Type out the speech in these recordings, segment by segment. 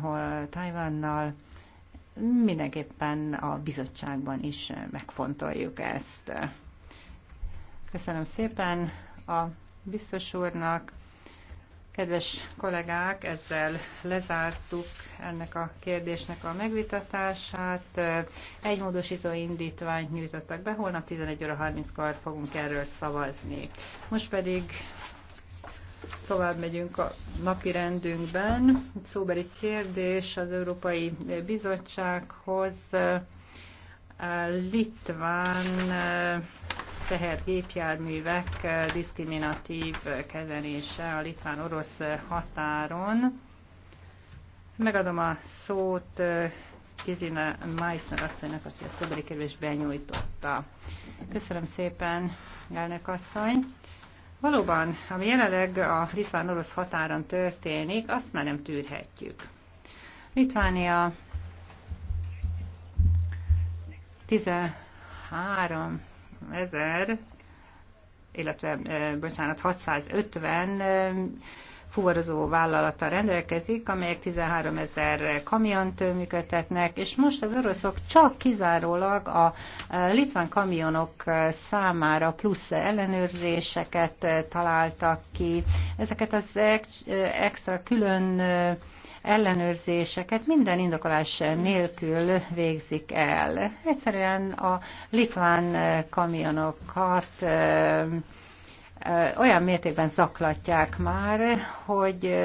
hol Tajvannal. Mindenképpen a bizottságban is megfontoljuk ezt. Köszönöm szépen a biztos úrnak. Kedves kollégák, ezzel lezártuk ennek a kérdésnek a megvitatását. Egy módosító indítványt nyújtottak be, holnap 11 óra 30-kor fogunk erről szavazni. Most pedig tovább megyünk a napi rendünkben. Szóbeli kérdés az Európai Bizottsághoz. Litván eh, tehergépjárművek eh, diszkriminatív kezelése a litván-orosz eh, határon. Megadom a szót Kizina Meissner asszonynak, aki a szóbeli kérdést benyújtotta. Köszönöm szépen, elnök asszony! Valóban, ami jelenleg a litván-orosz határon történik, azt már nem tűrhetjük. Litvánia 13 ezer, illetve, eh, bocsánat, 650 fuvarozó vállalata rendelkezik, amelyek 13 ezer kamiont működtetnek, és most az oroszok csak kizárólag a litván kamionok számára plusz ellenőrzéseket találtak ki. Ezeket az extra külön ellenőrzéseket minden indokolás nélkül végzik el. Egyszerűen a litván kamionokat olyan mértékben zaklatják már, hogy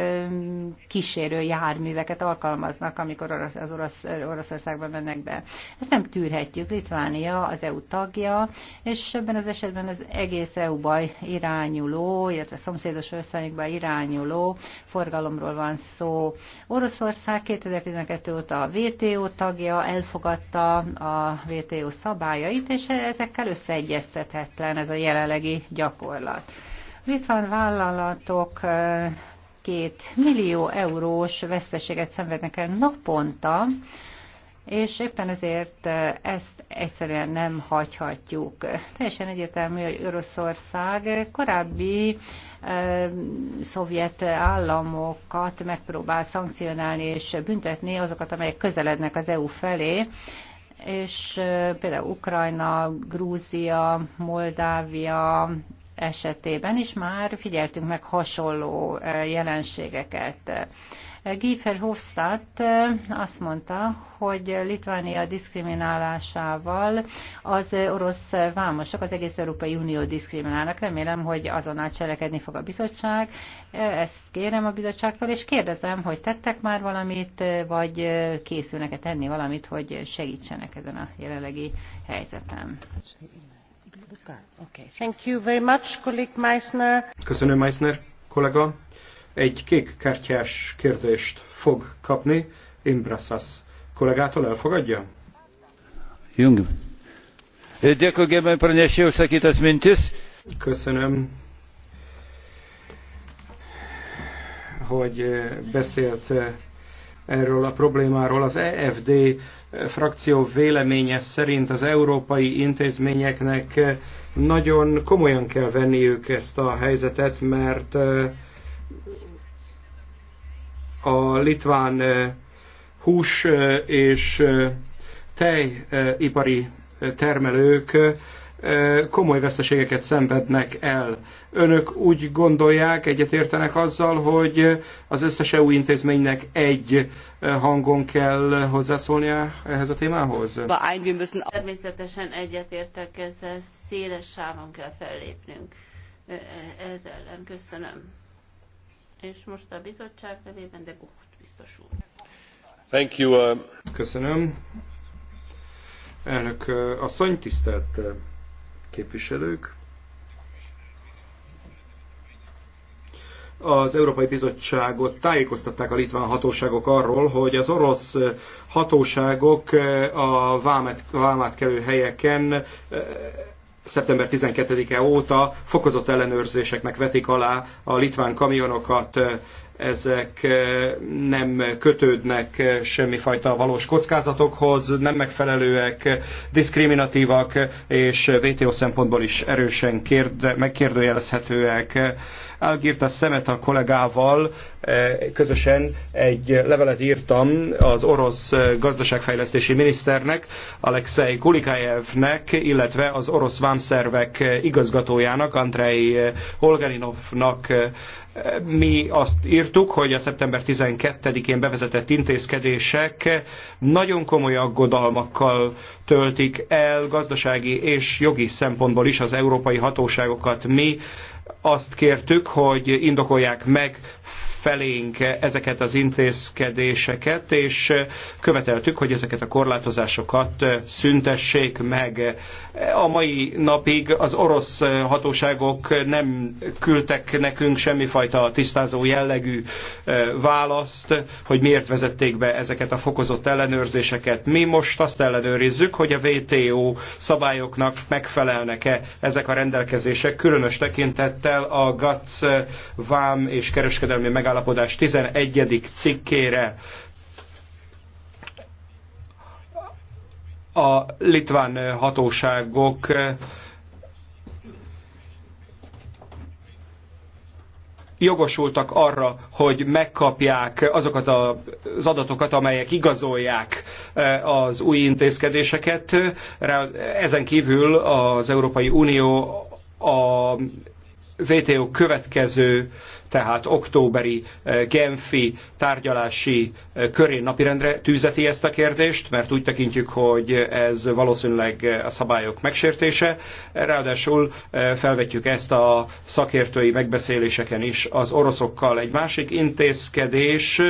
kísérő járműveket alkalmaznak, amikor az orosz, Oroszországba mennek be. Ezt nem tűrhetjük. Litvánia az EU tagja, és ebben az esetben az egész EU-ba irányuló, illetve szomszédos országokba irányuló forgalomról van szó. Oroszország 2012 óta a WTO tagja, elfogadta a WTO szabályait, és ezekkel összeegyeztethetlen ez a jelenlegi gyakorlat. Litván vállalatok két millió eurós veszteséget szenvednek el naponta, és éppen ezért ezt egyszerűen nem hagyhatjuk. Teljesen egyértelmű, hogy Oroszország korábbi e, szovjet államokat megpróbál szankcionálni és büntetni azokat, amelyek közelednek az EU felé, és e, például Ukrajna, Grúzia, Moldávia, esetében is már figyeltünk meg hasonló eh, jelenségeket. Eh, Giefer Hofstadt eh, azt mondta, hogy Litvánia diszkriminálásával az orosz vámosok az egész Európai Unió diszkriminálnak. Remélem, hogy azonnal cselekedni fog a bizottság. Ezt kérem a bizottságtól, és kérdezem, hogy tettek már valamit, vagy készülnek-e tenni valamit, hogy segítsenek ezen a jelenlegi helyzetem. Köszönöm, Meissner kollega. Egy kék kártyás kérdést fog kapni Imbrasas kollégától. Elfogadja? Jung. Köszönöm, hogy beszélt erről a problémáról. Az EFD frakció véleménye szerint az európai intézményeknek nagyon komolyan kell venniük ezt a helyzetet, mert eh, a litván eh, hús eh, és tejipari termelők komoly veszteségeket szenvednek el. Önök úgy gondolják, egyetértenek azzal, hogy az összes EU intézménynek egy hangon kell hozzászólnia ehhez a témához? Természetesen egyetértek ezzel, széles sávon kell fellépnünk. Ez ellen köszönöm. És most a bizottság nevében, de Gucht biztos úr. Thank you. Uh, köszönöm. Elnök asszony, tisztelt képviselők. az Európai Bizottságot tájékoztatták a litván hatóságok arról, hogy az orosz hatóságok a vámát, vámátkelő helyeken eh, szeptember 12-e óta fokozott ellenőrzéseknek vetik alá a litván kamionokat. Eh, ezek eh, nem kötődnek eh, semmifajta valós kockázatokhoz, nem megfelelőek, diszkriminatívak, és VTO szempontból is erősen kérde, megkérdőjelezhetőek. Elgírta szemet a kollégával, eh, közösen egy levelet írtam az orosz gazdaságfejlesztési miniszternek, Alexei Kulikájevnek, illetve az orosz vámszervek igazgatójának, Andrei Holgerinovnak mi azt írtuk, hogy a szeptember 12-én bevezetett intézkedések nagyon komoly aggodalmakkal töltik el gazdasági és jogi szempontból is az európai hatóságokat. Mi azt kértük, hogy indokolják meg felénk ezeket az intézkedéseket, és követeltük, hogy ezeket a korlátozásokat szüntessék meg. A mai napig az orosz hatóságok nem küldtek nekünk semmifajta tisztázó jellegű eh, választ, hogy miért vezették be ezeket a fokozott ellenőrzéseket. Mi most azt ellenőrizzük, hogy a WTO szabályoknak megfelelnek-e ezek a rendelkezések, különös tekintettel a GATS eh, VAM és kereskedelmi megállapodások megállapodás 11. cikkére. A litván hatóságok jogosultak arra, hogy megkapják azokat az adatokat, amelyek igazolják eh, az új intézkedéseket. Ezen kívül az Európai Unió a WTO következő, tehát októberi eh, Genfi tárgyalási eh, körén napirendre tűzeti ezt a kérdést, mert úgy tekintjük, hogy ez valószínűleg eh, a szabályok megsértése. Ráadásul felvetjük ezt a szakértői megbeszéléseken is az oroszokkal. Egy másik intézkedés,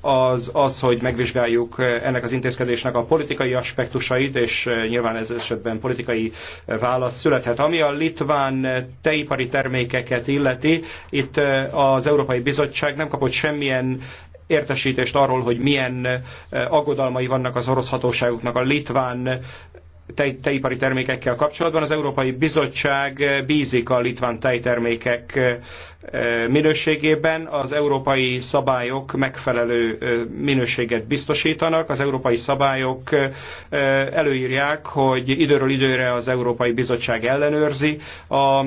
az az, hogy megvizsgáljuk ennek az intézkedésnek a politikai aspektusait, és eh, nyilván ez esetben politikai eh, válasz születhet. Ami a litván eh, teipari termékeket illeti, itt az Európai Bizottság nem kapott semmilyen értesítést arról, hogy milyen aggodalmai vannak az orosz hatóságoknak a litván tej, tejipari termékekkel kapcsolatban. Az Európai Bizottság bízik a litván tejtermékek minőségében. Az európai szabályok megfelelő minőséget biztosítanak. Az európai szabályok előírják, hogy időről időre az Európai Bizottság ellenőrzi a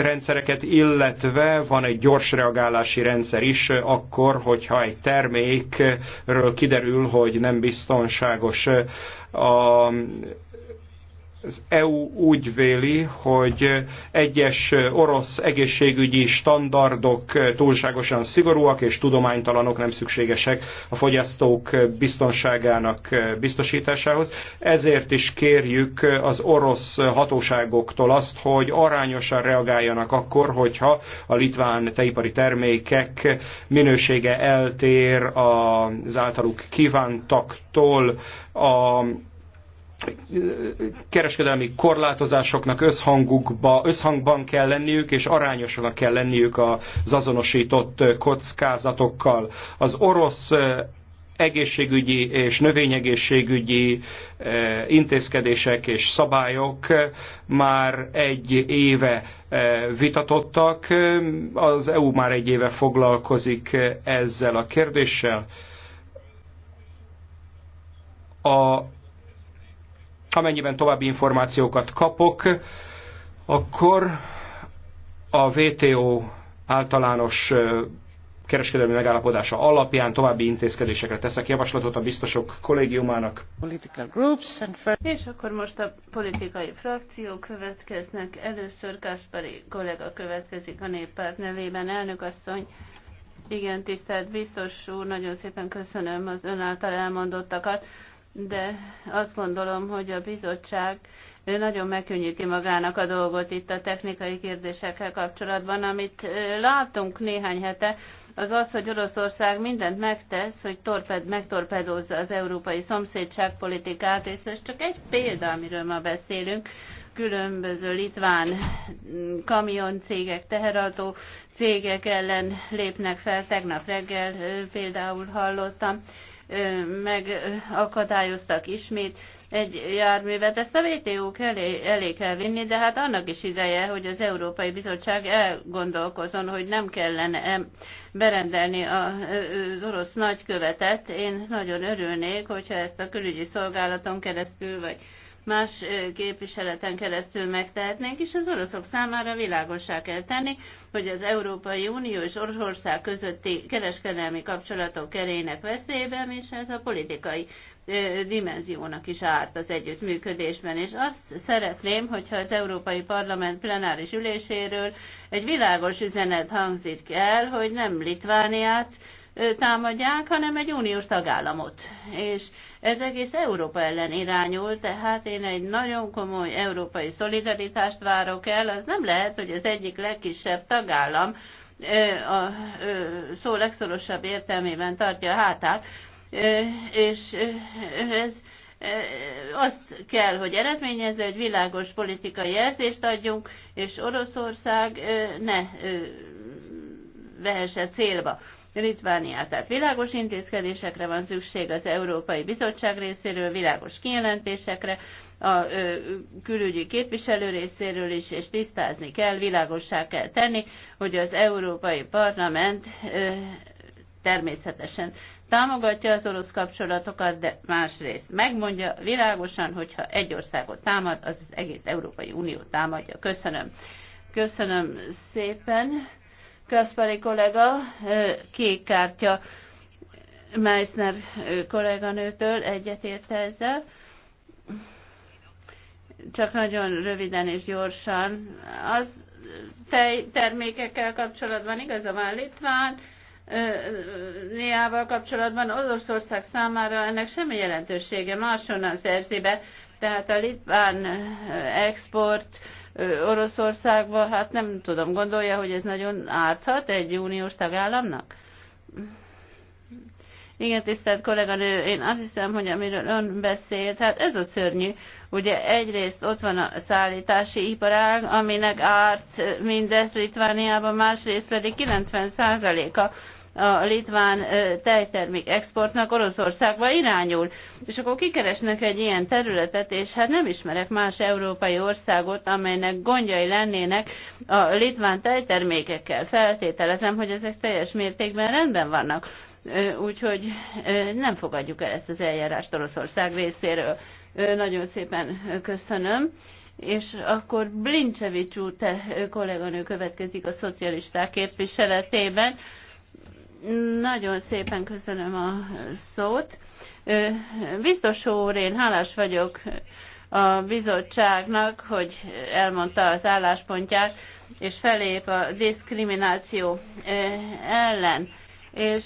rendszereket, illetve van egy gyors reagálási rendszer is akkor, hogyha egy termékről kiderül, hogy nem biztonságos a az EU úgy véli, hogy egyes orosz egészségügyi standardok túlságosan szigorúak és tudománytalanok, nem szükségesek a fogyasztók biztonságának biztosításához. Ezért is kérjük az orosz hatóságoktól azt, hogy arányosan reagáljanak akkor, hogyha a litván teipari termékek minősége eltér az általuk kívántaktól. A kereskedelmi korlátozásoknak összhangukba, összhangban kell lenniük, és arányosnak kell lenniük az azonosított kockázatokkal. Az orosz egészségügyi és növényegészségügyi intézkedések és szabályok már egy éve vitatottak. Az EU már egy éve foglalkozik ezzel a kérdéssel. A Amennyiben további információkat kapok, akkor a WTO általános kereskedelmi megállapodása alapján további intézkedésekre teszek javaslatot a biztosok kollégiumának. És akkor most a politikai frakciók következnek. Először Kaspari kollega következik a néppárt nevében. Elnök asszony, igen, tisztelt biztos úr, nagyon szépen köszönöm az ön által elmondottakat de azt gondolom, hogy a bizottság ő nagyon megkönnyíti magának a dolgot itt a technikai kérdésekkel kapcsolatban. Amit látunk néhány hete, az az, hogy Oroszország mindent megtesz, hogy torped, megtorpedózza az európai szomszédságpolitikát, és ez csak egy példa, amiről ma beszélünk. Különböző litván mm, kamioncégek, teherautó cégek ellen lépnek fel. Tegnap reggel például hallottam megakadályoztak ismét egy járművet. Ezt a WTO elé, elé kell vinni, de hát annak is ideje, hogy az Európai Bizottság elgondolkozon, hogy nem kellene berendelni az orosz nagykövetet. Én nagyon örülnék, hogyha ezt a külügyi szolgálaton keresztül, vagy más képviseleten keresztül megtehetnénk, és az oroszok számára világosá kell tenni, hogy az Európai Unió és Oroszország közötti kereskedelmi kapcsolatok kerének veszélyben, és ez a politikai dimenziónak is árt az együttműködésben, és azt szeretném, hogyha az Európai Parlament plenáris üléséről egy világos üzenet hangzik el, hogy nem Litvániát, támadják, hanem egy uniós tagállamot. És ez egész Európa ellen irányul, tehát én egy nagyon komoly európai szolidaritást várok el. Az nem lehet, hogy az egyik legkisebb tagállam a szó legszorosabb értelmében tartja a hátát, és ez azt kell, hogy eredményező, hogy világos politikai jelzést adjunk, és Oroszország ne vehesse célba Litvániát. Tehát világos intézkedésekre van szükség az Európai Bizottság részéről, világos kijelentésekre, a ö, külügyi képviselő részéről is, és tisztázni kell, világossá kell tenni, hogy az Európai Parlament ö, természetesen támogatja az orosz kapcsolatokat, de másrészt megmondja világosan, hogyha egy országot támad, az az egész Európai Unió támadja. Köszönöm. Köszönöm szépen. Kaspari kollega kék kártya Meissner kolléganőtől egyetért ezzel. Csak nagyon röviden és gyorsan. Az termékekkel kapcsolatban igaza van Litván, Néával kapcsolatban Oroszország számára ennek semmi jelentősége, máshonnan szerzi be, tehát a litván export Oroszországba, hát nem tudom, gondolja, hogy ez nagyon árthat egy uniós tagállamnak? Igen, tisztelt kolléganő, én azt hiszem, hogy amiről ön beszélt, hát ez a szörnyű. Ugye egyrészt ott van a szállítási iparág, aminek árt mindez Litvániában, másrészt pedig 90%-a a litván tejtermék exportnak Oroszországba irányul. És akkor kikeresnek egy ilyen területet, és hát nem ismerek más európai országot, amelynek gondjai lennének a litván tejtermékekkel. Feltételezem, hogy ezek teljes mértékben rendben vannak. Úgyhogy nem fogadjuk el ezt az eljárást Oroszország részéről. Nagyon szépen köszönöm. És akkor Blincsevics úr, te kolléganő következik a szocialisták képviseletében. Nagyon szépen köszönöm a szót. Biztos úr, én hálás vagyok a bizottságnak, hogy elmondta az álláspontját, és felép a diszkrimináció ellen. És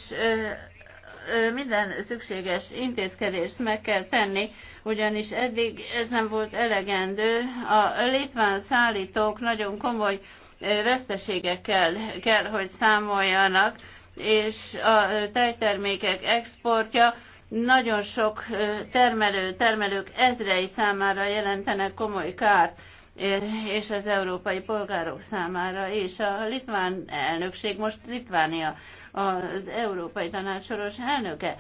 minden szükséges intézkedést meg kell tenni, ugyanis eddig ez nem volt elegendő. A litván szállítók nagyon komoly veszteségekkel kell, hogy számoljanak, és a tejtermékek exportja nagyon sok termelő, termelők ezrei számára jelentenek komoly kárt és az európai polgárok számára, és a litván elnökség, most Litvánia az Európai Tanács soros elnöke,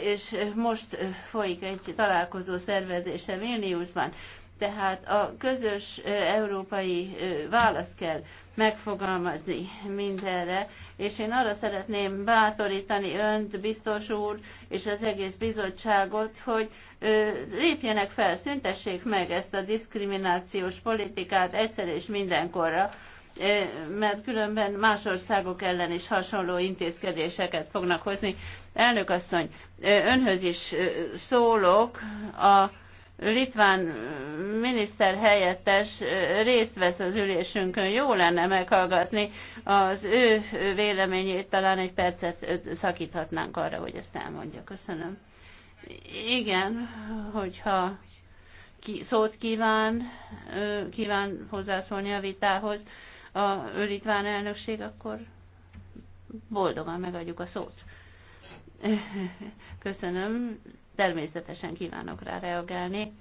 és most folyik egy találkozó szervezése Vilniusban. Tehát a közös európai választ kell megfogalmazni mindenre, és én arra szeretném bátorítani önt, biztos úr, és az egész bizottságot, hogy lépjenek fel, szüntessék meg ezt a diszkriminációs politikát egyszer és mindenkorra, mert különben más országok ellen is hasonló intézkedéseket fognak hozni. Elnök asszony, önhöz is szólok, a litván miniszter helyettes részt vesz az ülésünkön. Jó lenne meghallgatni az ő véleményét, talán egy percet szakíthatnánk arra, hogy ezt elmondja. Köszönöm. Igen, hogyha ki, szót kíván, kíván hozzászólni a vitához a litván elnökség, akkor boldogan megadjuk a szót. Köszönöm természetesen kívánok rá reagálni.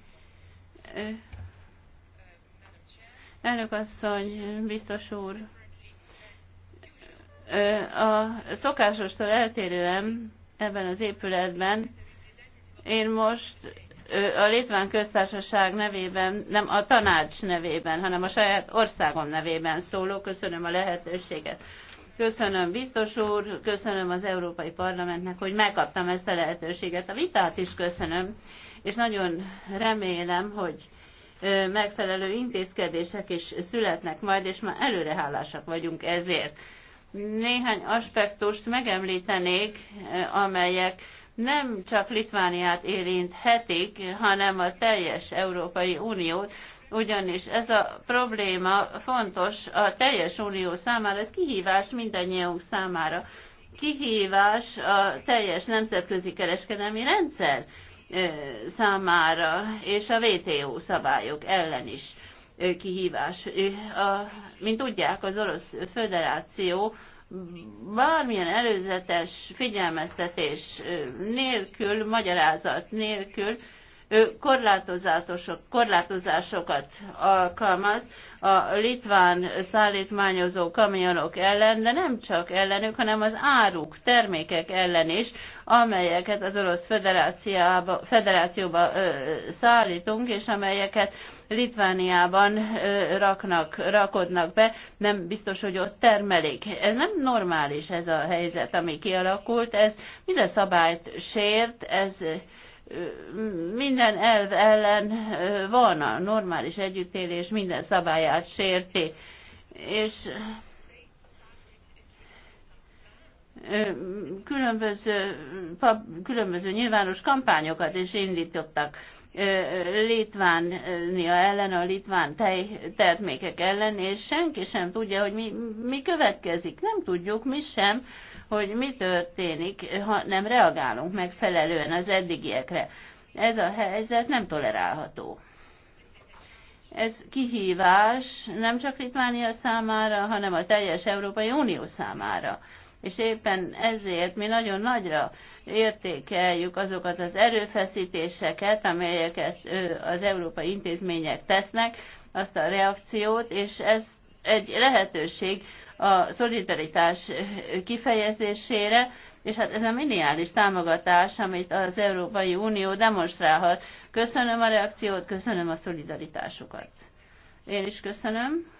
Elnök asszony, biztos úr, a szokásostól eltérően ebben az épületben én most a Litván köztársaság nevében, nem a tanács nevében, hanem a saját országom nevében szóló. Köszönöm a lehetőséget. Köszönöm biztos úr, köszönöm az Európai Parlamentnek, hogy megkaptam ezt a lehetőséget. A vitát is köszönöm, és nagyon remélem, hogy megfelelő intézkedések is születnek majd, és már előre hálásak vagyunk ezért. Néhány aspektust megemlítenék, amelyek nem csak Litvániát érinthetik, hanem a teljes Európai Uniót, ugyanis ez a probléma fontos a teljes unió számára, ez kihívás mindannyiunk számára. Kihívás a teljes nemzetközi kereskedelmi rendszer számára, és a WTO szabályok ellen is kihívás. Mint tudják, az Orosz Föderáció bármilyen előzetes figyelmeztetés nélkül, magyarázat nélkül korlátozásokat alkalmaz a litván szállítmányozó kamionok ellen, de nem csak ellenük, hanem az áruk, termékek ellen is, amelyeket az Orosz Federációba, Federációba ö, szállítunk, és amelyeket Litvániában ö, raknak, rakodnak be, nem biztos, hogy ott termelik. Ez nem normális ez a helyzet, ami kialakult, ez mind a szabályt sért, ez minden elv ellen van a normális együttélés, minden szabályát sérti. És különböző, különböző nyilvános kampányokat is indítottak Litvánia ellen, a litván termékek ellen, és senki sem tudja, hogy mi, mi következik. Nem tudjuk, mi sem hogy mi történik, ha nem reagálunk megfelelően az eddigiekre. Ez a helyzet nem tolerálható. Ez kihívás nem csak Litvánia számára, hanem a teljes Európai Unió számára és éppen ezért mi nagyon nagyra értékeljük azokat az erőfeszítéseket, amelyeket az európai intézmények tesznek, azt a reakciót, és ez egy lehetőség a szolidaritás kifejezésére, és hát ez a miniális támogatás, amit az Európai Unió demonstrálhat. Köszönöm a reakciót, köszönöm a szolidaritásukat. Én is köszönöm.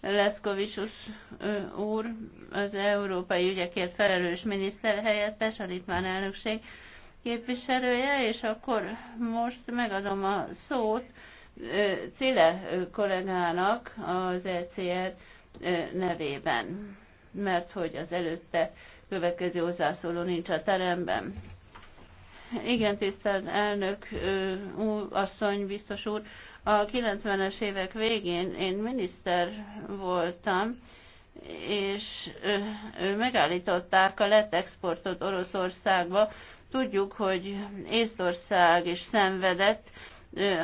Leszkovicsus úr, az európai ügyekért felelős miniszter helyettes, a litván elnökség képviselője, és akkor most megadom a szót Cile kollégának az ECR nevében, mert hogy az előtte következő hozzászóló nincs a teremben. Igen, tisztelt elnök úr, asszony, biztos úr, a 90-es évek végén én miniszter voltam, és megállították a lett exportot Oroszországba. Tudjuk, hogy Észtország is szenvedett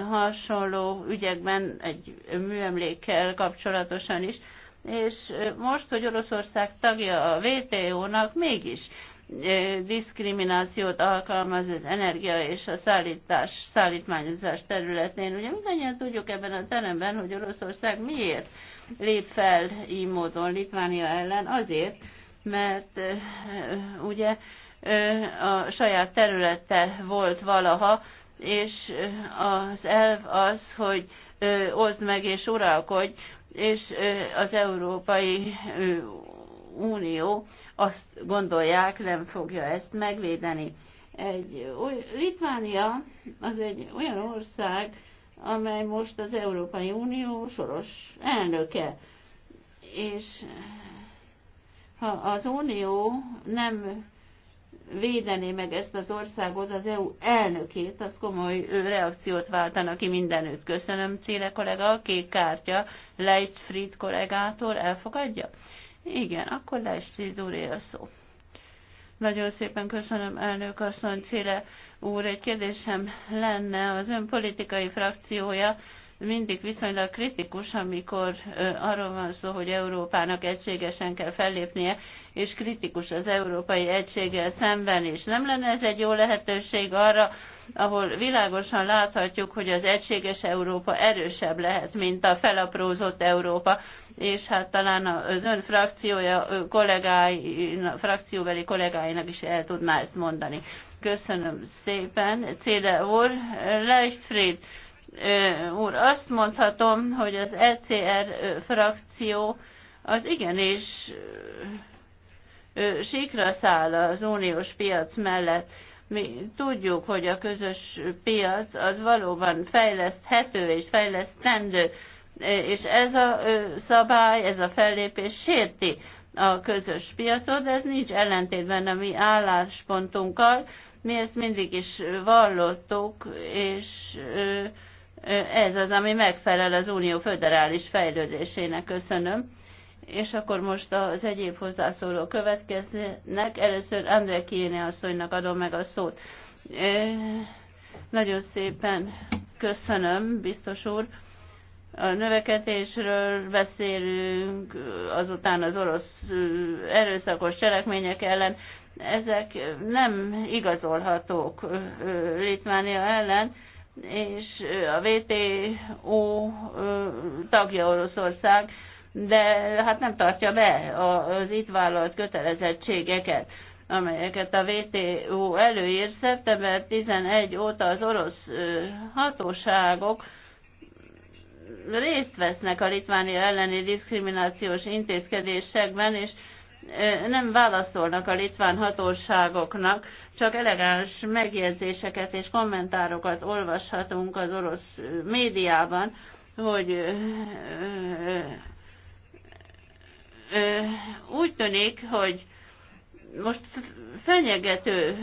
hasonló ügyekben egy műemlékkel kapcsolatosan is és most, hogy Oroszország tagja a WTO-nak, mégis diszkriminációt alkalmaz az energia és a szállítás, szállítmányozás területén. Ugye mindannyian tudjuk ebben a teremben, hogy Oroszország miért lép fel így módon Litvánia ellen, azért, mert ugye a saját területe volt valaha, és az elv az, hogy oszd meg és uralkodj, és az Európai Unió azt gondolják, nem fogja ezt megvédeni. Egy, Litvánia az egy olyan ország, amely most az Európai Unió soros elnöke. És ha az Unió nem védené meg ezt az országot, az EU elnökét, az komoly reakciót váltana ki mindenütt. Köszönöm, Céle kollega, a kék kártya Leitzfried kollégától elfogadja? Igen, akkor Leitzfried úr él szó. Nagyon szépen köszönöm, elnök asszony, Céle úr. Egy kérdésem lenne, az ön politikai frakciója mindig viszonylag kritikus, amikor arról van szó, hogy Európának egységesen kell fellépnie, és kritikus az európai egységgel szemben, és nem lenne ez egy jó lehetőség arra, ahol világosan láthatjuk, hogy az egységes Európa erősebb lehet, mint a felaprózott Európa, és hát talán az ön frakciója, kollégái, frakcióbeli kollégáinak is el tudná ezt mondani. Köszönöm szépen. Céle úr, Leistfried úr, azt mondhatom, hogy az ECR frakció az igenis síkra száll az uniós piac mellett. Mi tudjuk, hogy a közös piac az valóban fejleszthető és fejlesztendő, és ez a szabály, ez a fellépés sérti a közös piacot, de ez nincs ellentétben a mi álláspontunkkal. Mi ezt mindig is vallottuk, és ez az, ami megfelel az unió föderális fejlődésének. Köszönöm. És akkor most az egyéb hozzászóló következnek. Először André Kéne asszonynak adom meg a szót. Nagyon szépen köszönöm, biztos úr. A növekedésről beszélünk, azután az orosz erőszakos cselekmények ellen. Ezek nem igazolhatók Litvánia ellen és a VTO tagja Oroszország, de hát nem tartja be az itt vállalt kötelezettségeket amelyeket a VTO előír. Szeptember 11 óta az orosz hatóságok részt vesznek a Litvánia elleni diszkriminációs intézkedésekben, és nem válaszolnak a litván hatóságoknak, csak elegáns megjegyzéseket és kommentárokat olvashatunk az orosz médiában, hogy úgy tűnik, hogy most fenyegető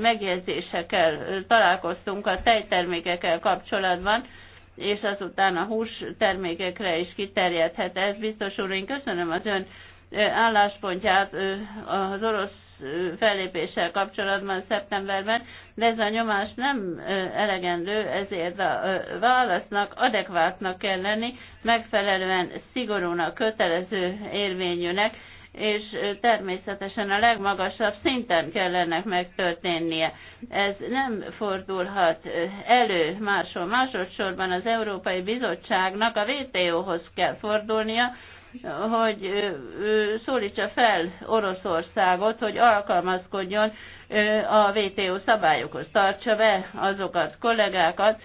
megjegyzésekkel találkoztunk a tejtermékekkel kapcsolatban, és azután a hús termékekre is kiterjedhet ez. Biztos úr, én köszönöm az ön álláspontját az orosz fellépéssel kapcsolatban szeptemberben, de ez a nyomás nem elegendő, ezért a válasznak adekvátnak kell lenni, megfelelően szigorúnak, kötelező érvényűnek, és természetesen a legmagasabb szinten kell ennek megtörténnie. Ez nem fordulhat elő máshol. Másodszorban az Európai Bizottságnak a WTO-hoz kell fordulnia, hogy szólítsa fel Oroszországot, hogy alkalmazkodjon a WTO szabályokhoz, tartsa be azokat, kollégákat,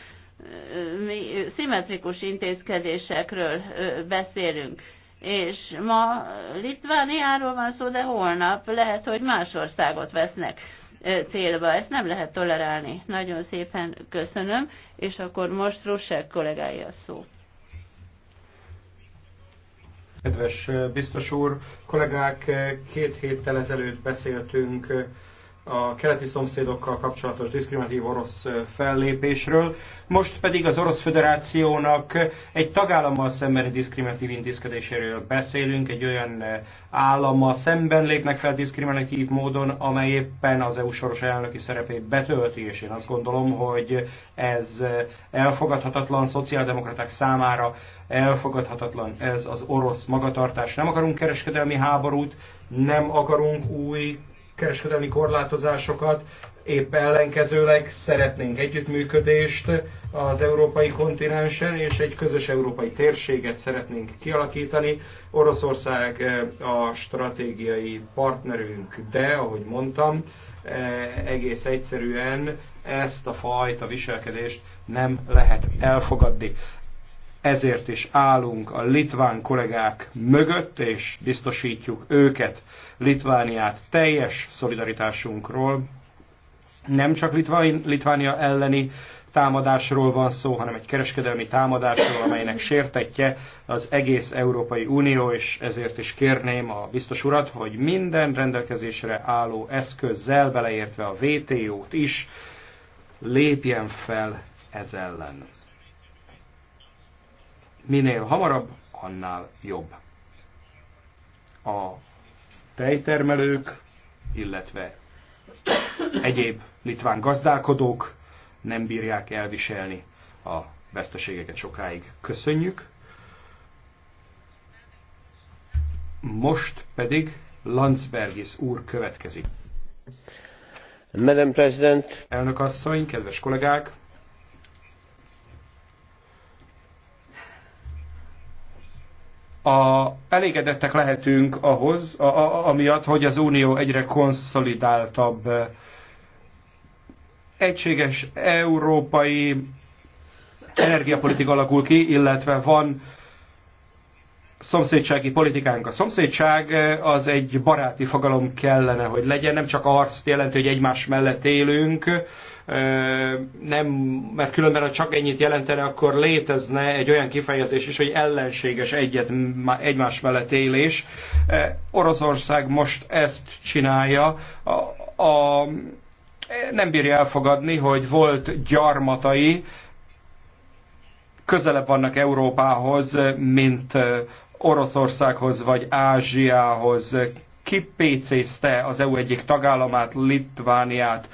mi szimmetrikus intézkedésekről beszélünk. És ma Litvániáról van szó, de holnap lehet, hogy más országot vesznek célba. Ezt nem lehet tolerálni. Nagyon szépen köszönöm, és akkor most Rusek kollégája szó. Kedves biztos úr, kollégák, két héttel ezelőtt beszéltünk a keleti szomszédokkal kapcsolatos diszkriminatív orosz fellépésről, most pedig az Orosz Föderációnak egy tagállammal szembeni diszkriminatív intézkedéséről beszélünk, egy olyan állama szemben lépnek fel diszkriminatív módon, amely éppen az EU soros elnöki szerepét betölti, és én azt gondolom, hogy ez elfogadhatatlan szociáldemokraták számára, elfogadhatatlan ez az orosz magatartás. Nem akarunk kereskedelmi háborút, nem akarunk új kereskedelmi korlátozásokat, épp ellenkezőleg szeretnénk együttműködést az európai kontinensen, és egy közös európai térséget szeretnénk kialakítani. Oroszország eh, a stratégiai partnerünk, de, ahogy mondtam, eh, egész egyszerűen ezt a fajta viselkedést nem lehet elfogadni ezért is állunk a litván kollégák mögött, és biztosítjuk őket, Litvániát teljes szolidaritásunkról. Nem csak Litvánia elleni támadásról van szó, hanem egy kereskedelmi támadásról, amelynek sértetje az egész Európai Unió, és ezért is kérném a biztos urat, hogy minden rendelkezésre álló eszközzel, beleértve a VTO-t is, lépjen fel ez ellen minél hamarabb, annál jobb. A tejtermelők, illetve egyéb litván gazdálkodók nem bírják elviselni a veszteségeket sokáig. Köszönjük! Most pedig Landsbergis úr következik. Madam President. Elnök asszony, kedves kollégák! a, elégedettek lehetünk ahhoz, a, a, amiatt, hogy az Unió egyre konszolidáltabb eh, egységes európai energiapolitika alakul ki, illetve van szomszédsági politikánk. A szomszédság eh, az egy baráti fogalom kellene, hogy legyen, nem csak harc jelenti, hogy egymás mellett élünk, nem, mert különben, ha csak ennyit jelentene, akkor létezne egy olyan kifejezés is, hogy ellenséges egyet, egymás mellett élés. Oroszország most ezt csinálja. A, a, nem bírja elfogadni, hogy volt gyarmatai, közelebb vannak Európához, mint Oroszországhoz vagy Ázsiához. Kipécézte az EU egyik tagállamát, Litvániát,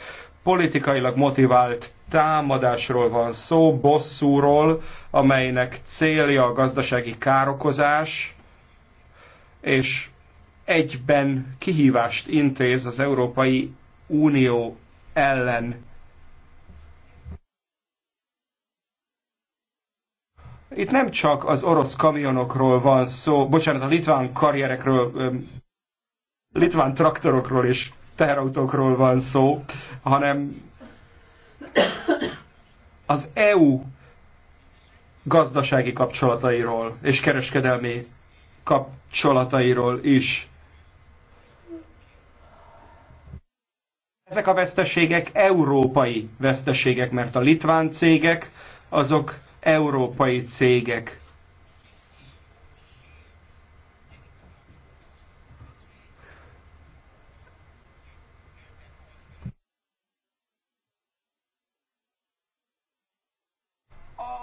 politikailag motivált támadásról van szó, bosszúról, amelynek célja a gazdasági károkozás, és egyben kihívást intéz az Európai Unió ellen. Itt nem csak az orosz kamionokról van szó, bocsánat, a litván karrierekről, litván traktorokról is teherautókról van szó, hanem az EU gazdasági kapcsolatairól és kereskedelmi kapcsolatairól is. Ezek a veszteségek európai veszteségek, mert a litván cégek azok európai cégek.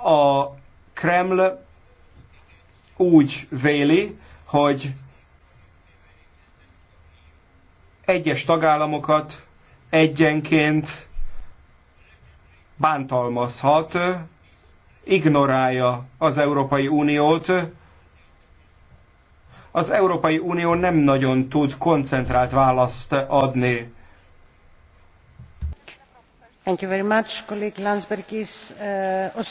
A Kreml úgy véli, hogy egyes tagállamokat egyenként bántalmazhat, ignorálja az Európai Uniót. Az Európai Unió nem nagyon tud koncentrált választ adni. Thank you very much, colleague Landsbergis. Uh,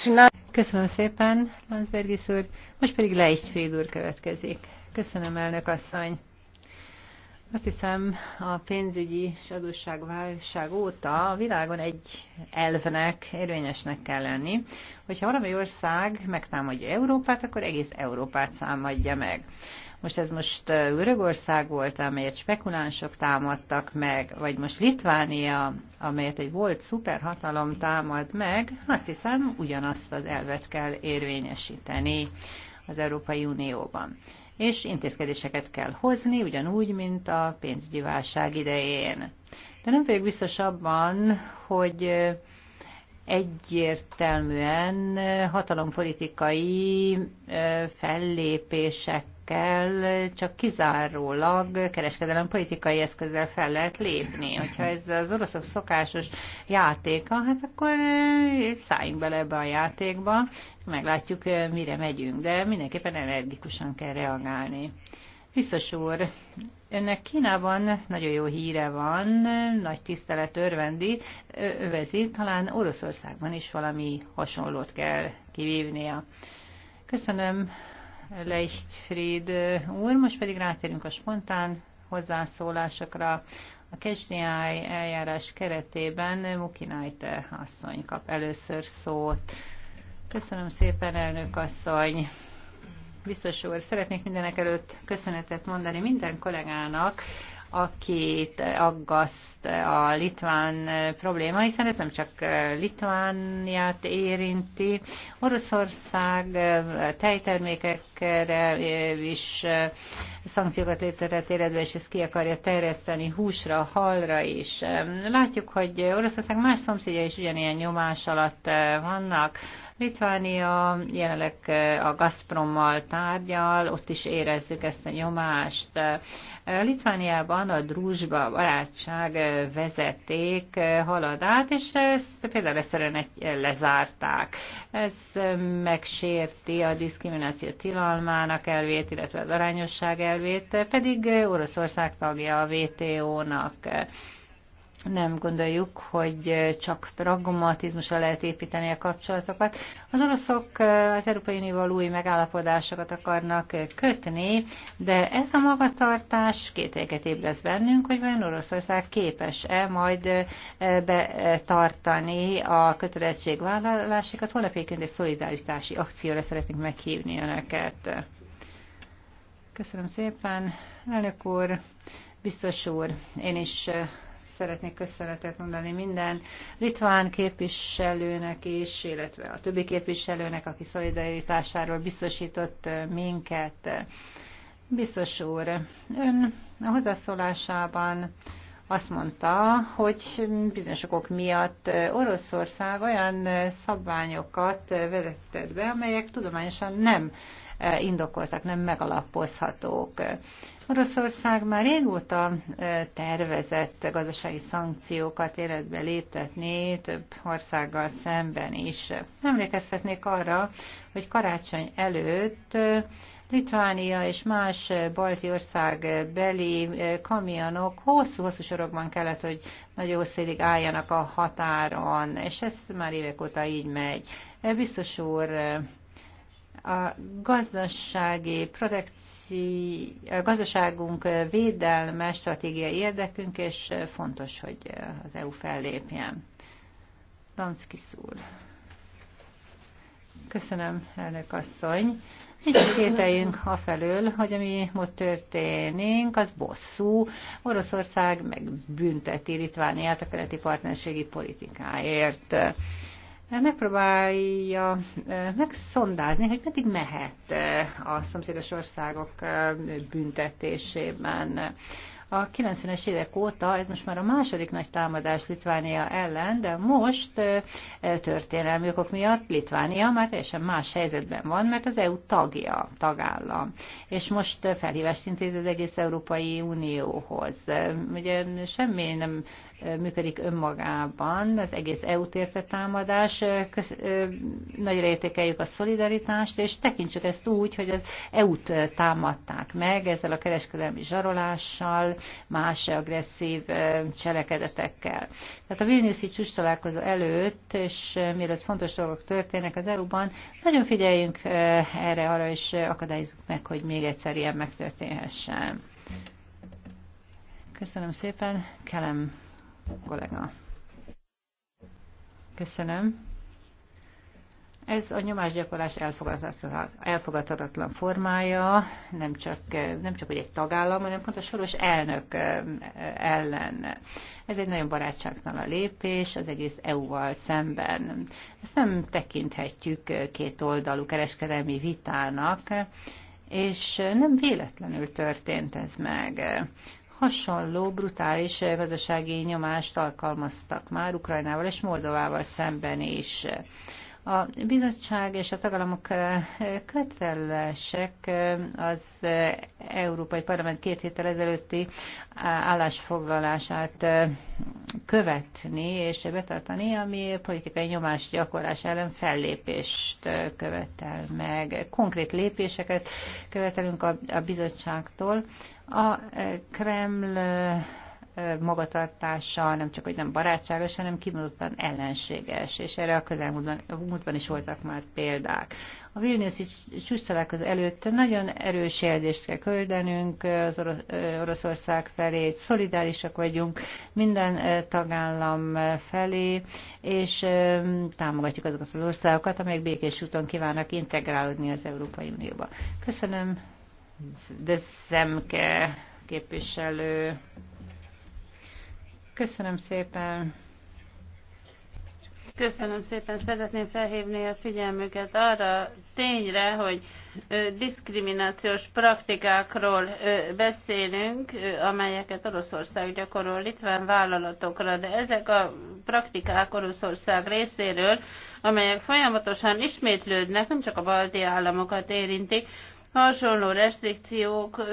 Köszönöm szépen, Lanzbergis úr. Most pedig Leichtfried úr következik. Köszönöm, elnök asszony. Azt hiszem, a pénzügyi adósságválság óta a világon egy elvnek érvényesnek kell lenni, hogyha valami ország megtámadja Európát, akkor egész Európát számadja meg. Most ez most Görögország volt, amelyet spekulánsok támadtak meg, vagy most Litvánia, amelyet egy volt szuperhatalom támad meg, azt hiszem ugyanazt az elvet kell érvényesíteni az Európai Unióban és intézkedéseket kell hozni, ugyanúgy, mint a pénzügyi válság idején. De nem vagyok biztos abban, hogy egyértelműen hatalompolitikai fellépések Kell csak kizárólag kereskedelem politikai eszközzel fel lehet lépni. Hogyha ez az oroszok szokásos játéka, hát akkor szálljunk bele ebbe a játékba, meglátjuk, mire megyünk, de mindenképpen energikusan kell reagálni. Biztos úr, önnek Kínában nagyon jó híre van, nagy tisztelet örvendi, övezi, talán Oroszországban is valami hasonlót kell kivívnia. Köszönöm Leichtfried uh, úr. Most pedig rátérünk a spontán hozzászólásokra. A KSDI eljárás keretében Mukinájte asszony kap először szót. Köszönöm szépen, elnök asszony! Biztos úr, szeretnék mindenek előtt köszönetet mondani minden kollégának, akit aggaszt a litván probléma, hiszen ez nem csak Litvániát érinti. Oroszország tejtermékekre is szankciókat léptetett életbe, és ezt ki akarja terjeszteni húsra, halra is. Látjuk, hogy Oroszország más szomszédja is ugyanilyen nyomás alatt eh, vannak. Litvánia jelenleg eh, a Gazprommal tárgyal, ott is érezzük ezt a nyomást. Eh, Litvániában a Drúzsba barátság vezeték halad át, és ezt például egyszerűen lezárták. Ez megsérti a diszkrimináció tilalmának elvét, illetve az arányosság elvét, elvét, pedig Oroszország tagja a WTO-nak. Nem gondoljuk, hogy csak pragmatizmusra lehet építeni a kapcsolatokat. Az oroszok az Európai Unióval új megállapodásokat akarnak kötni, de ez a magatartás kételyeket ébreszt bennünk, hogy vajon Oroszország képes-e majd e, betartani a kötelezettségvállalásokat. Holnap egy szolidaritási akcióra szeretnénk meghívni önöket. Köszönöm szépen, elnök úr, biztos úr, én is szeretnék köszönetet mondani minden litván képviselőnek is, illetve a többi képviselőnek, aki szolidaritásáról biztosított minket. Biztos úr, ön a hozzászólásában azt mondta, hogy bizonyos okok miatt Oroszország olyan szabványokat vezetett be, amelyek tudományosan nem E, indokoltak, nem megalapozhatók. Oroszország már régóta e, tervezett gazdasági szankciókat életbe léptetni több országgal szemben is. Emlékeztetnék arra, hogy karácsony előtt e, Litvánia és más balti ország beli kamionok hosszú-hosszú sorokban kellett, hogy nagyon szélig álljanak a határon, és ez már évek óta így megy. Biztos úr, a gazdasági protekci, a gazdaságunk védelme stratégiai érdekünk, és fontos, hogy az EU fellépjen. Danszki szúr. Köszönöm, elnök asszony. Nincs kételjünk afelől, hogy ami most történik, az bosszú. Oroszország meg Litvániát a keleti partnerségi politikáért megpróbálja megszondázni, hogy meddig mehet a szomszédos országok büntetésében. A 90-es évek óta ez most már a második nagy támadás Litvánia ellen, de most történelmi okok miatt Litvánia már teljesen más helyzetben van, mert az EU tagja, tagállam. És most felhívást intéz az egész Európai Unióhoz. Ugye semmi nem működik önmagában, az egész eu térte támadás. nagy nagyra értékeljük a szolidaritást, és tekintsük ezt úgy, hogy az EU-t támadták meg ezzel a kereskedelmi zsarolással, más agresszív cselekedetekkel. Tehát a Vilniuszi csúcs találkozó előtt, és mielőtt fontos dolgok történnek az EU-ban, nagyon figyeljünk erre, arra, és akadályozzuk meg, hogy még egyszer ilyen megtörténhessen. Köszönöm szépen, Kelem kollega. Köszönöm. Ez a nyomásgyakorlás elfogadhatatlan, formája, nem csak, nem csak hogy egy tagállam, hanem pont a soros elnök ellen. Ez egy nagyon barátságtalan lépés az egész EU-val szemben. Ezt nem tekinthetjük két oldalú kereskedelmi vitának, és nem véletlenül történt ez meg hasonló brutális gazdasági nyomást alkalmaztak már Ukrajnával és Moldovával szemben is. A bizottság és a tagállamok eh, kötelesek eh, az eh, Európai Parlament két héttel ezelőtti állásfoglalását követni és betartani, ami politikai nyomás gyakorlás ellen fellépést követel meg. Konkrét lépéseket követelünk a bizottságtól. A Kreml magatartása nem csak, hogy nem barátságos, hanem kimondottan ellenséges, és erre a közelmúltban a múltban is voltak már példák. A Vilniuszi csúcstalálkozó előtt nagyon erős jelzést kell küldenünk az Oroszország felé, szolidárisak vagyunk minden tagállam felé, és támogatjuk azokat az országokat, amelyek békés úton kívánnak integrálódni az Európai Unióba. Köszönöm, de Zemke képviselő. Köszönöm szépen. Köszönöm szépen. Szeretném felhívni a figyelmüket arra tényre, hogy diszkriminációs praktikákról beszélünk, amelyeket Oroszország gyakorol litván vállalatokra, de ezek a praktikák Oroszország részéről, amelyek folyamatosan ismétlődnek, nem csak a balti államokat érintik, hasonló restrikciók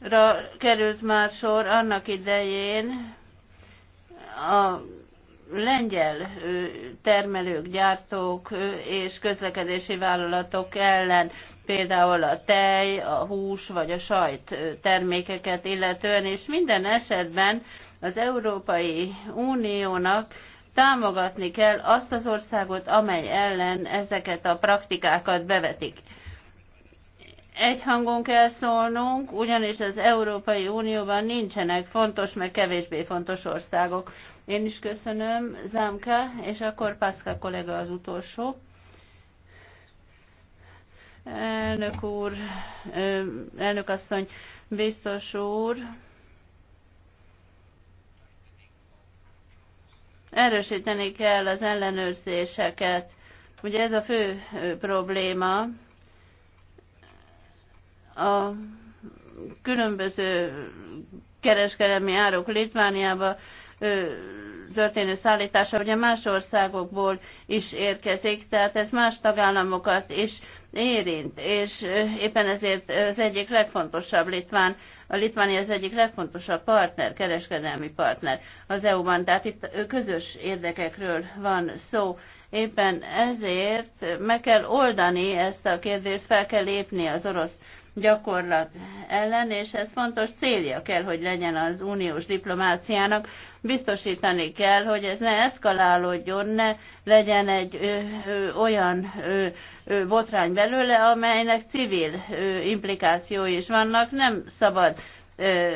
ra került már sor annak idején a lengyel termelők, gyártók és közlekedési vállalatok ellen, például a tej, a hús vagy a sajt termékeket illetően, és minden esetben az Európai Uniónak támogatni kell azt az országot, amely ellen ezeket a praktikákat bevetik egy hangon kell szólnunk, ugyanis az Európai Unióban nincsenek fontos, meg kevésbé fontos országok. Én is köszönöm, Zámka, és akkor Pászka kollega az utolsó. Elnök úr, elnök asszony, biztos úr, erősíteni kell az ellenőrzéseket. Ugye ez a fő probléma, a különböző kereskedelmi árok Litvániába történő szállítása ugye más országokból is érkezik, tehát ez más tagállamokat is érint, és éppen ezért az egyik legfontosabb Litván, a Litvánia az egyik legfontosabb partner, kereskedelmi partner az EU-ban, tehát itt közös érdekekről van szó. Éppen ezért meg kell oldani ezt a kérdést, fel kell lépni az orosz gyakorlat ellen, és ez fontos célja kell, hogy legyen az uniós diplomáciának. Biztosítani kell, hogy ez ne eszkalálódjon, ne legyen egy ö, ö, olyan ö, ö, botrány belőle, amelynek civil ö, implikációi is vannak. Nem szabad ö,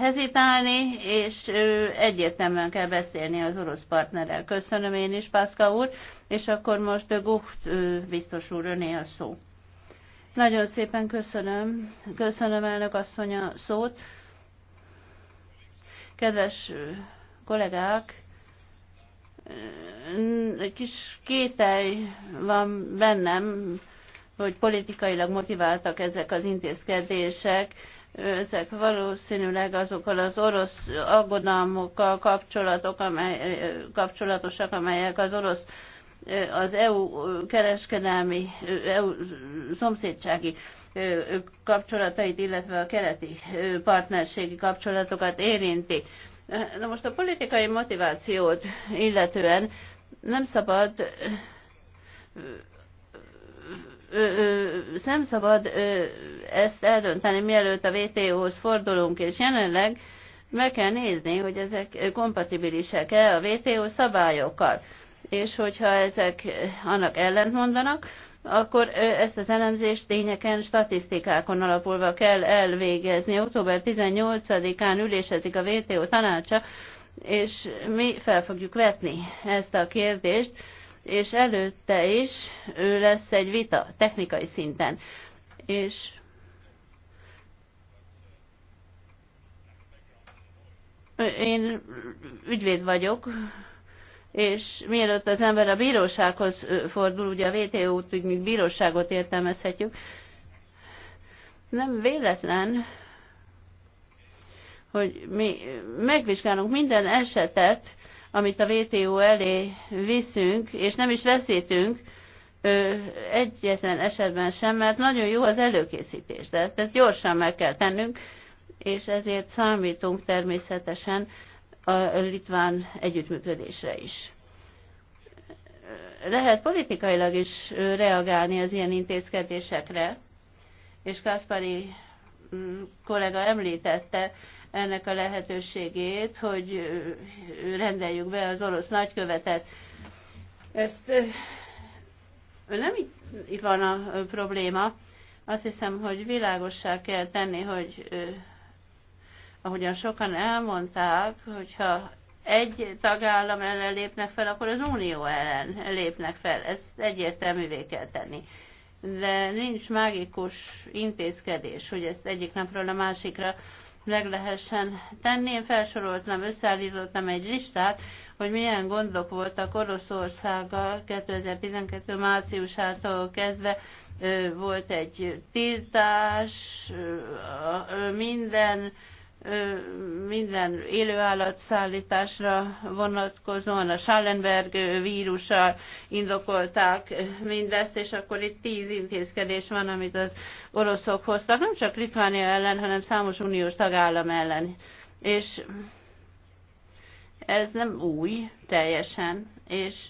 hezitálni, és ö, egyértelműen kell beszélni az orosz partnerrel. Köszönöm én is, Pászka úr, és akkor most Gucht biztos úr, öné a szó. Nagyon szépen köszönöm, köszönöm elnök asszony a szót. Kedves kollégák, egy kis kételj van bennem, hogy politikailag motiváltak ezek az intézkedések, ezek valószínűleg azokkal az orosz aggodalmokkal kapcsolatok, amely, kapcsolatosak, amelyek az orosz az EU kereskedelmi, EU szomszédsági kapcsolatait, illetve a keleti partnerségi kapcsolatokat érinti. Na most a politikai motivációt illetően nem szabad nem szabad ezt eldönteni, mielőtt a WTO-hoz fordulunk, és jelenleg meg kell nézni, hogy ezek kompatibilisek-e a WTO szabályokkal és hogyha ezek annak ellent mondanak, akkor ezt az elemzést tényeken, statisztikákon alapulva kell elvégezni. Október 18-án ülésezik a WTO tanácsa, és mi fel fogjuk vetni ezt a kérdést, és előtte is ő lesz egy vita technikai szinten. És én ügyvéd vagyok, és mielőtt az ember a bírósághoz fordul, ugye a WTO-t úgy, mint bíróságot értelmezhetjük, nem véletlen, hogy mi megvizsgálunk minden esetet, amit a WTO elé viszünk, és nem is veszítünk egyetlen esetben sem, mert nagyon jó az előkészítés, de ezt gyorsan meg kell tennünk, és ezért számítunk természetesen a litván együttműködésre is. Lehet politikailag is reagálni az ilyen intézkedésekre, és Kaspari mm, kollega említette ennek a lehetőségét, hogy rendeljük be az orosz nagykövetet. Ezt nem itt, itt van a probléma. Azt hiszem, hogy világossá kell tenni, hogy ahogyan sokan elmondták, hogyha egy tagállam ellen lépnek fel, akkor az unió ellen lépnek fel. Ezt egyértelművé kell tenni. De nincs mágikus intézkedés, hogy ezt egyik napról a másikra meg lehessen tenni. Én felsoroltam, összeállítottam egy listát, hogy milyen gondok voltak Oroszországgal 2012. márciusától kezdve. Volt egy tiltás, minden minden élőállat szállításra vonatkozóan a Schallenberg vírussal indokolták mindezt, és akkor itt tíz intézkedés van, amit az oroszok hoztak, nem csak Litvánia ellen, hanem számos uniós tagállam ellen. És ez nem új teljesen, és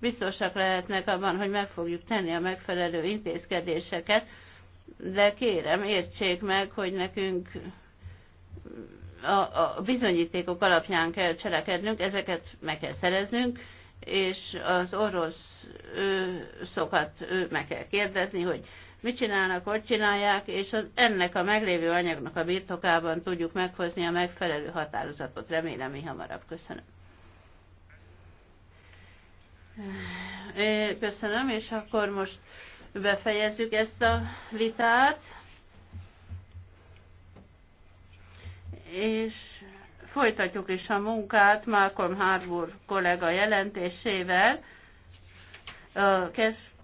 biztosak lehetnek abban, hogy meg fogjuk tenni a megfelelő intézkedéseket, de kérem, értsék meg, hogy nekünk a, a bizonyítékok alapján kell cselekednünk, ezeket meg kell szereznünk, és az orosz ő, szokat ő, meg kell kérdezni, hogy mit csinálnak, hogy csinálják, és az, ennek a meglévő anyagnak a birtokában tudjuk meghozni a megfelelő határozatot. Remélem, mi hamarabb. Köszönöm. Köszönöm, és akkor most befejezzük ezt a vitát. és folytatjuk is a munkát Malcolm Harbour kollega jelentésével. A